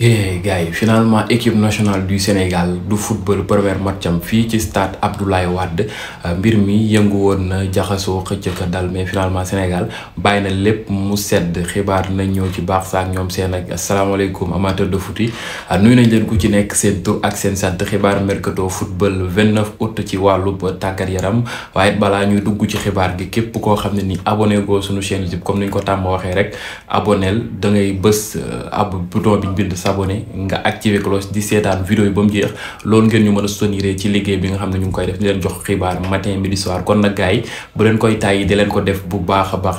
eh gars yi finalement équipe nationale du Sénégal du football premier match am fii ci stade Abdoulaye Wade euh, mbir mi yëngu woon na jaxasoo xëcc ka dal mais finalement Sénégal bàyyi na lépp mu sedd xibaar nañ ñëw ci baax saak ñoom seen ak asalaamaaleykum amateur de foot yi euh, nuyu nañ leen ku ci nekk seen tur ak seen sant xibaar mercato football 29 août ci wàllu tàggat yaram waaye balaa ñuy dugg ci xibaar gi képp koo xam ne ni abonné goo suñu chaîne YouTube comme ni ko tàmm waxee rek aboneel da ngay bës euh, ab bouton bi s'abonner nga activer cloche di seetaan vidéo yi ba mu jeex loolu ngeen ñu mën a soutenir ci liggéey bi nga xam ne ñu ngi koy def di leen jox xibaar matin midi soir kon nag gars yi bu leen ko def bu baax a baax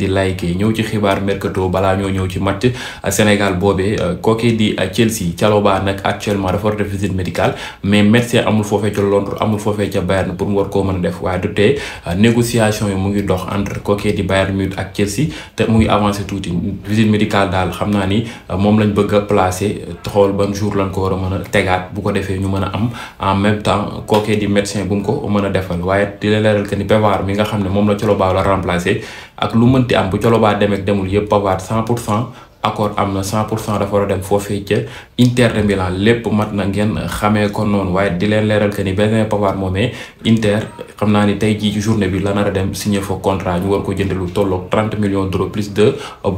di like ñëw ci xibaar mercato balaa ñoo ñëw ci match euh, euh, di euh, Chelsea Chalobah nag actuellement dafa war def visite médicale mais médecin amul foofee koo mën a def waaye du tee négociation yi mu ngi dox entre kooki di Bayern Munich ak Chelsea te mu ngi avancé tuuti visite médicale daal xam naa ni moom lañ bëgg déplacé ba euh, ban jour lañ ko war a mën a tegaat bu ko defee ñu mën a am en même temps kookee di médecin bu mu ko mën a defal waaye di la leeral que ni Pavard mi nga xam ne moom la Colobaa la remplacé ak lu mënti am bu Colobaa demee demul yëpp Pavard 100 pour 100. accord am na 100 pour cent dafa war a dem foofee ca Inter de Milan lépp mat na ngeen xamee ko noonu waaye di leen leeral que ni benn Pavard moomee Inter xam naa ni tey jii ci journée bi la nar dem signé fa contrat ñu war ko jënd lu tolloog 30 millions d'euros plus de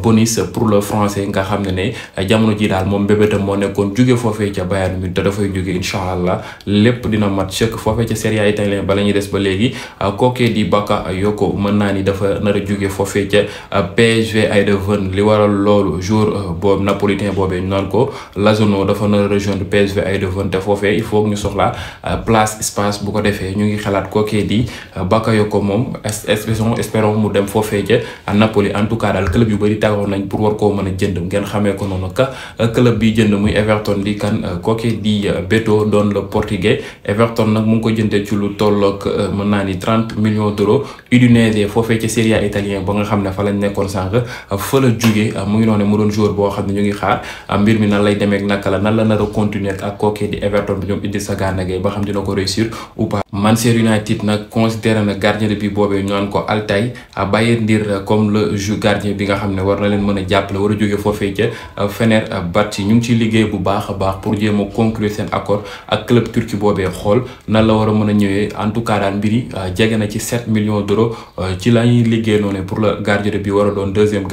bonus pour le français nga xam ne ne jamono ji daal moom bébétam moo nekkoon jóge foofee ca Bayern Munich te dafay jóge incha allah lépp dina mat chèque foofee ca Serie A italien bala ñuy des ba léegi kookee di Bakayoko mën naa ni dafa nar a jóge foofee ca PSV Eindhoven li waral loolu joueur boobu napolitain boobee ñu naan ko Lazano dafa nar a rejoindre PSV Eindhoven te foofee il faut ñu soxla euh, place espace bu ko defee ñu ngi xalaat kookee di euh, Bakayoko moom espérons espérons mu dem foofee ca Napoli tout cas yu bëri taxaw nañ pour war koo mën a jënd ngeen xamee ko noonu ka euh, club bi jënd muy Everton di kan kookee di Beto doon le portugais Everton nag mu ngi ko jëndee ci lu tolloog mën naa ni trente millions d'euros Udinese foofee ca Serie A italien ba nga xam ne fa lañ nekkoon sànq fa la jugee mu ngi noonu doon joueur boo xam ne ñu ngi xaar ah, mbir mi nan lay demee naka la nan la nar continuer ak kookee di Everton bi ñoom Idrissa Gana Gueye ba xam dina ko réussir ou pas. Manchester United nag considéré na gardien de but boobee ñu naan ko Altay ah, Baye Ndir comme le jeu gardien bi nga xam ne war na leen mën a jàppale war a jóge foofee ca ah, Fenerbahçe ñu ngi ciy liggéey bu baax a baax pour jéem a conclure seen accord ak club turki boobee xool na la war a mën a ñëwee en tout cas daal mbir ci 7 millions d'euros ci la ñuy liggéey noonu pour le gardien de but war a doon deuxième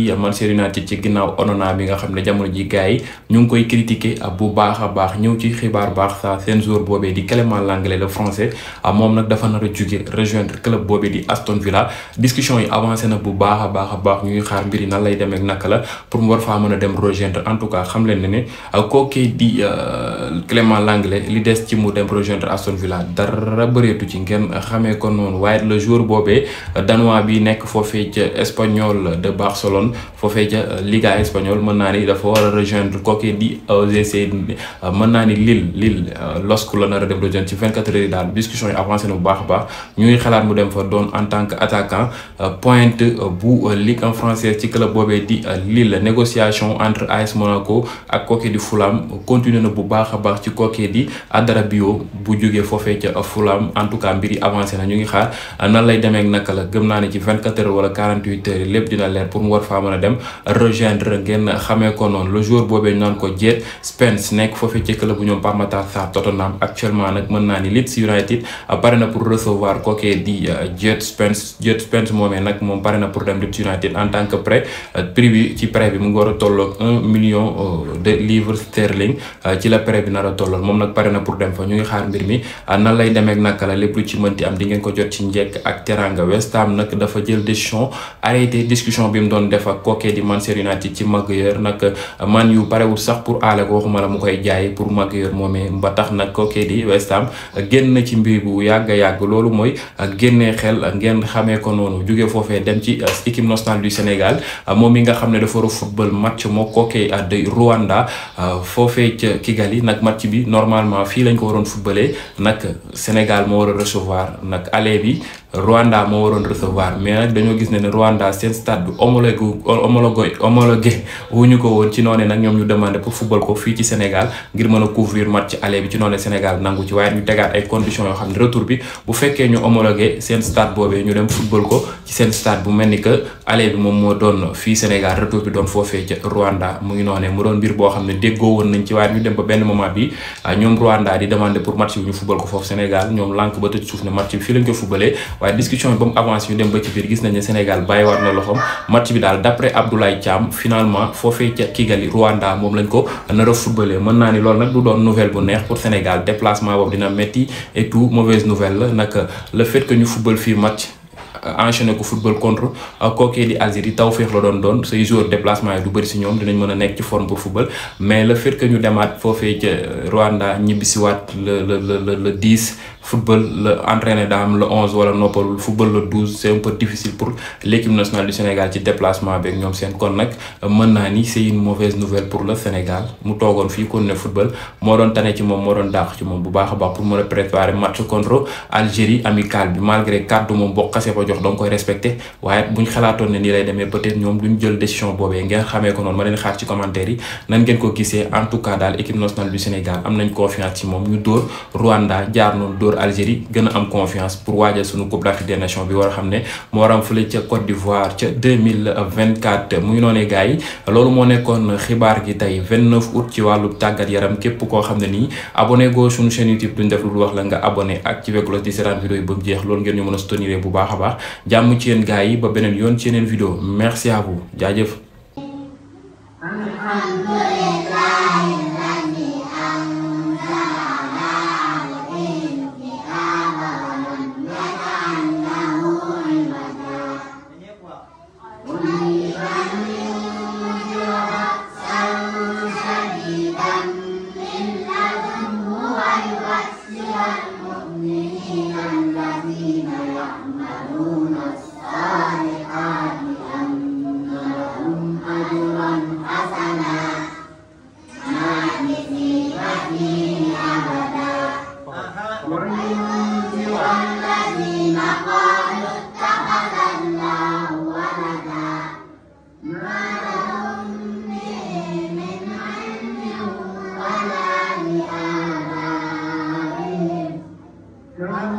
di Manchester United ci ginnaaw Onana bi nga xam ne jamono ji gars yi ñu ngi koy critiquer ah, bu baax a baax ñëw ci xibaar baax saa seen joueur boobee di Clément Lenglet le français ah, moom nag dafa nar a jóge rejoindre club boobee di Aston Villa discussion yi avancé na bu baax a baax a baax ñuy xaar mbir yi lay demee naka la pour mu war faa mën a dem rejoindre en tout cas xam leen ne ne ah, kookee di Clément Lenglet li des ci mu dem rejoindre Aston Villa dara bëreetu ci ngeen xamee ko noonu waaye doon foofee ca euh, Liga espagnol mën naa ni dafa war a rejoindre kooku di OGC euh, mën naa ni Lille Lille euh, LOSC la nar a dem rejoindre ci 24 heures yi daal discussion yi avancé na bu baax a baax ñuy xalaat mu dem fa doon en tant que attaquant pointe bu Ligue en ci club boobee di Lille négociation entre AS Monaco ak kooku di Fulham continué na bu baax a baax ci kooku di Adara bu jógee foofee ca Fulham en tout avancé na ñu ngi xaar nan lay demee faa mën a ko noonu le jour boobee ñu naan ko Jet Spence nekk foofu ci club bu ñoom Pape Matar Sarr nag pare na pour euh, moom pare na pour dem Leeds United en tant que prêt euh, prix bi ci prêt bi mu ngi war a tolloog un million euh, de livres ci la prêt bi nar a moom nag pare na pour dem fa ñu ngi xaar mbir mi nan lay demee ak naka la lépp lu ci mënti am di ngeen ko jot ci njekk ak teranga West Ham nag dafa jël décision arrêté discussion bi mu doon def def ak kookee di Manchester United ci Maguire nag man yu parewul sax pour aale ko waxuma la mu koy jaay pour Maguire moomee ba tax nag kookee di West Ham génn ci mbir bu yàgg yàgg loolu mooy génne xel ngeen xamee ko noonu jóge foofee dem ci équipe nationale du Sénégal moom mi nga xam ne dafa war a football match moo kookee de Rwanda foofee ca Kigali nag match bi normalement fii lañ ko waroon footballee nag Sénégal moo war recevoir nag aller bi Rwanda moo waroon recevoir mais nag dañoo gis ne ne Rwanda seen stade bi homologué homologué homologué wu ñu ko woon ci noonu nag ñoom ñu demandé pour football ko fii ci Sénégal ngir mën a couvrir match aller bi ci noonu Sénégal nangu ci waaye ñu tegaat ay conditions yoo xam ne retour bi bu fekkee ñu homologué seen stade boobee ñu dem football ko ci seen stade bu mel ni que aller bi moom moo doon fii Sénégal retour bi doon foofee ca Rwanda mu ngi noonee mu doon mbir boo xam ne déggoo woon nañ ci waaye ñu dem ba benn moment bi ñoom Rwanda di demandé pour match bi ñu football ko foofu Sénégal ñoom lànk ba tëj suuf ne match bi waaye discussion ba mu avancé ñu dem ba ci biir gis nañ ne Sénégal bàyyiwaat na loxoom match bi daal d' après Abdoulaye Thiam finalement foofee ca Kigali Rwanda moom lañ ko nar a mën naa ni loolu nag du doon nouvelle bu neex pour Sénégal déplacement boobu dina métti et tout mauvaise la nag le fait que ñu football fii match. Euh, enchaîné ko football contre euh, kookee di Algérie taw féex la doon doon say joueurs déplacement yi bëri si ñoom dinañ mën a nekk ci forme pour football mais le fait que ñu demaat foofee ca Rwanda ñibbisiwaat le le le le 10 football la entraîné daa am le onze wala noppalul football le douze c'est un difficile pour l'équipe nationale du Sénégal ci déplacement beeg ñoom moom boo xasee ko jox danga koy respecté waaye buñ xalaatoon ne lay demee peut ñoom duñ jël décision boobee ngeen xamee ko noonu ma leen xaar ci commentaire yi nan ko gisee en tout cas daal équipe nationale du Sénégal am nañ confiance ci moom ñu dóor Rwanda jaar noonu wër Algérie gën a am confiance pour waajal suñu Coupe d'Afrique des bi war a xam ne moo war am fële ca Côte d'Ivoire ca 2024 mu ngi yi loolu moo nekkoon xibaar gi tey 29 août ci wàllu tàggat yaram képp koo xam ne nii abonné goo suñu chaîne YouTube duñ def lu wax la nga abonné ak ci weglos di seetaan vidéo yi ba mu jeex loolu ngeen ñu mën a soutenir bu baax a baax jàmm ci yéen gars yi ba beneen yoon ci yeneen vidéo merci à vous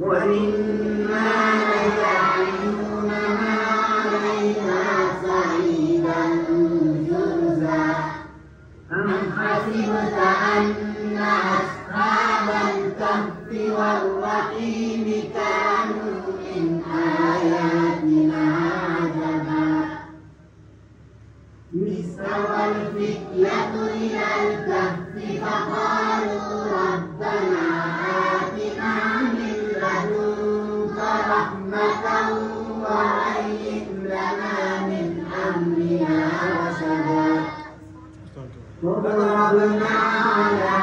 ومما يجعلون ما علينا سعيدا جرزا أم حسبت أن أصحاب الكهف والرحيم كانوا من آياتنا عجبا استوى الفتية إلى الكهف فقالوا ربنا على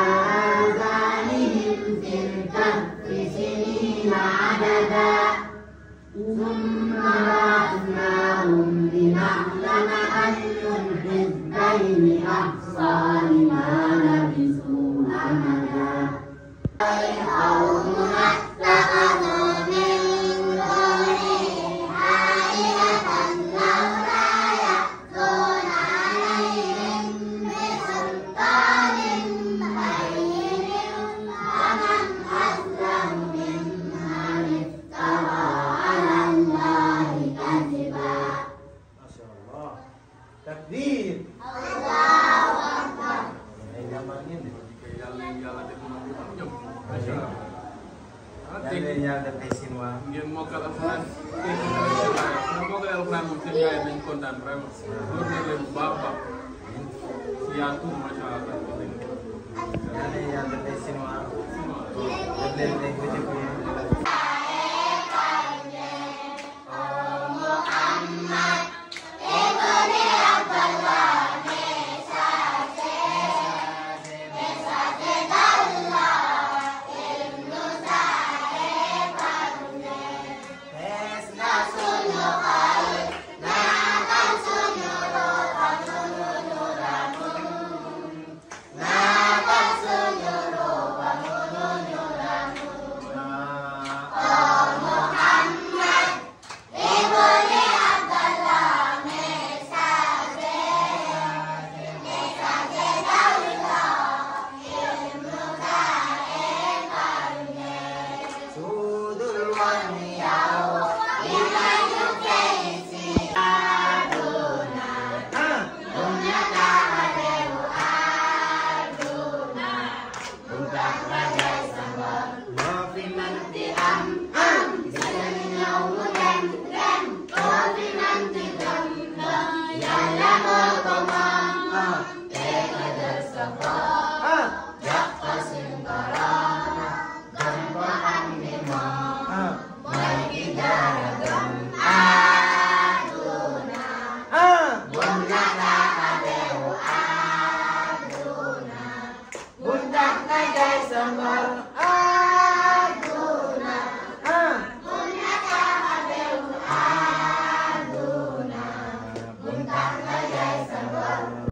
yaatu macha allah.